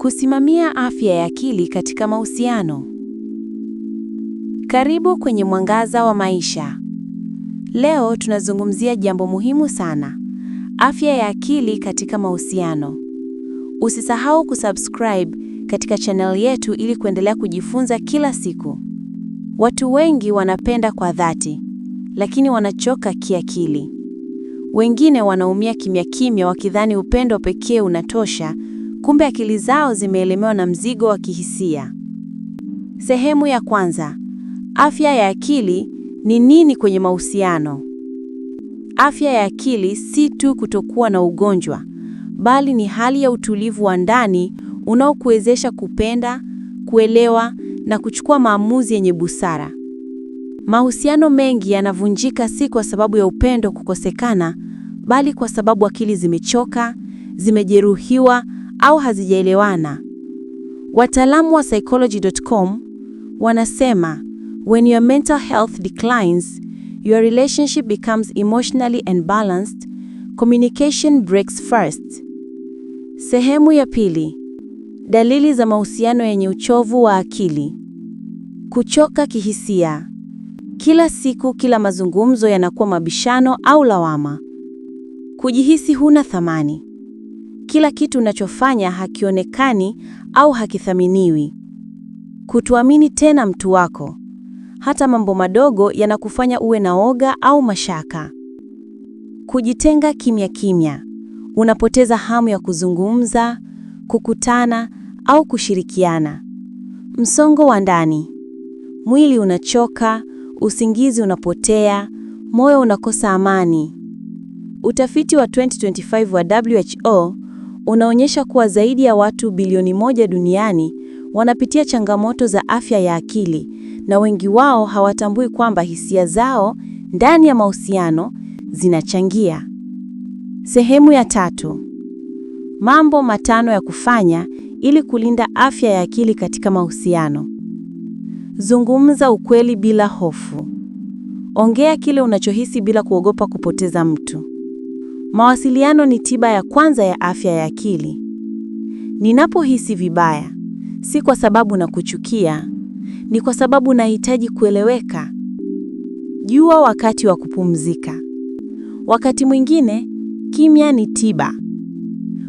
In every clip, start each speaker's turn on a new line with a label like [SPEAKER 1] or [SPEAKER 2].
[SPEAKER 1] Kusimamia afya ya akili katika mahusiano. Karibu kwenye Mwangaza wa Maisha. Leo tunazungumzia jambo muhimu sana, afya ya akili katika mahusiano. Usisahau kusubscribe katika channel yetu ili kuendelea kujifunza kila siku. Watu wengi wanapenda kwa dhati, lakini wanachoka kiakili. Wengine wanaumia kimya kimya wakidhani upendo pekee unatosha kumbe akili zao zimeelemewa na mzigo wa kihisia. Sehemu ya kwanza: afya ya akili ni nini kwenye mahusiano? Afya ya akili si tu kutokuwa na ugonjwa, bali ni hali ya utulivu wa ndani unaokuwezesha kupenda, kuelewa na kuchukua maamuzi yenye busara. Mahusiano mengi yanavunjika si kwa sababu ya upendo kukosekana, bali kwa sababu akili zimechoka, zimejeruhiwa au hazijaelewana. Wataalamu wa psychology.com wanasema when your mental health declines, your relationship becomes emotionally unbalanced, communication breaks first. Sehemu ya pili, dalili za mahusiano yenye uchovu wa akili. Kuchoka kihisia. Kila siku, kila mazungumzo yanakuwa mabishano au lawama. Kujihisi huna thamani kila kitu unachofanya hakionekani au hakithaminiwi. Kutuamini tena mtu wako, hata mambo madogo yanakufanya uwe na oga au mashaka. Kujitenga kimya kimya, unapoteza hamu ya kuzungumza, kukutana au kushirikiana. Msongo wa ndani, mwili unachoka, usingizi unapotea, moyo unakosa amani. Utafiti wa 2025 wa WHO unaonyesha kuwa zaidi ya watu bilioni moja duniani wanapitia changamoto za afya ya akili na wengi wao hawatambui kwamba hisia zao ndani ya mahusiano zinachangia. Sehemu ya tatu. Mambo matano ya kufanya ili kulinda afya ya akili katika mahusiano. Zungumza ukweli bila hofu. Ongea kile unachohisi bila kuogopa kupoteza mtu. Mawasiliano ni tiba ya kwanza ya afya ya akili. Ninapohisi vibaya, si kwa sababu na kuchukia ni kwa sababu nahitaji kueleweka. Jua wakati wa kupumzika. Wakati mwingine kimya ni tiba.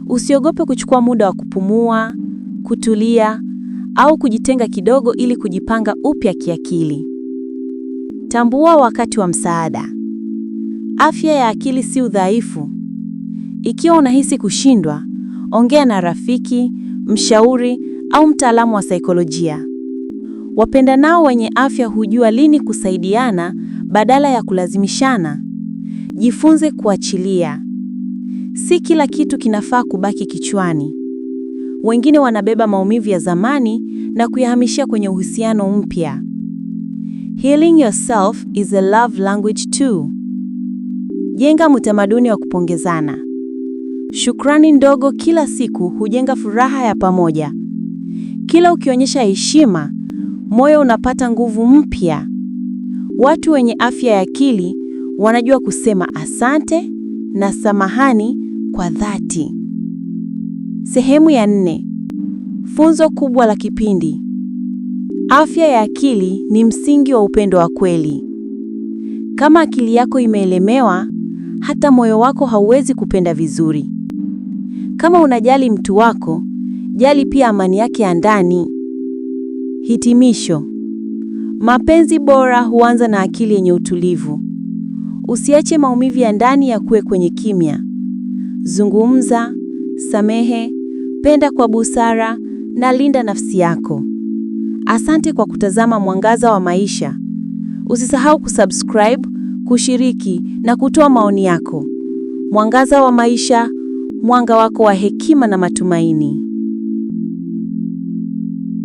[SPEAKER 1] Usiogope kuchukua muda wa kupumua, kutulia au kujitenga kidogo ili kujipanga upya kiakili. Tambua wakati wa msaada. Afya ya akili si udhaifu. Ikiwa unahisi kushindwa, ongea na rafiki, mshauri au mtaalamu wa saikolojia. Wapendanao wenye afya hujua lini kusaidiana badala ya kulazimishana. Jifunze kuachilia. Si kila kitu kinafaa kubaki kichwani. Wengine wanabeba maumivu ya zamani na kuyahamishia kwenye uhusiano mpya. Healing yourself is a love language too. Jenga mtamaduni wa kupongezana. Shukrani ndogo kila siku hujenga furaha ya pamoja. Kila ukionyesha heshima, moyo unapata nguvu mpya. Watu wenye afya ya akili wanajua kusema asante na samahani kwa dhati. Sehemu ya nne. Funzo kubwa la kipindi. Afya ya akili ni msingi wa upendo wa kweli. Kama akili yako imeelemewa, hata moyo wako hauwezi kupenda vizuri. Kama unajali mtu wako, jali pia amani yake ya ndani. Hitimisho: mapenzi bora huanza na akili yenye utulivu. Usiache maumivu ya ndani yakuwe kwenye kimya. Zungumza, samehe, penda kwa busara na linda nafsi yako. Asante kwa kutazama Mwangaza wa Maisha. Usisahau kusubscribe, kushiriki na kutoa maoni yako. Mwangaza wa Maisha, mwanga wako wa hekima na matumaini.